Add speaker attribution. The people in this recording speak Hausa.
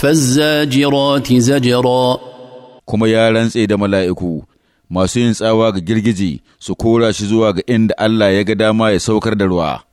Speaker 1: fazzajirati zajira kuma ya rantse da mala'iku masu yin tsawa ga girgije su kora shi zuwa ga inda Allah ya ga dama ya saukar da
Speaker 2: ruwa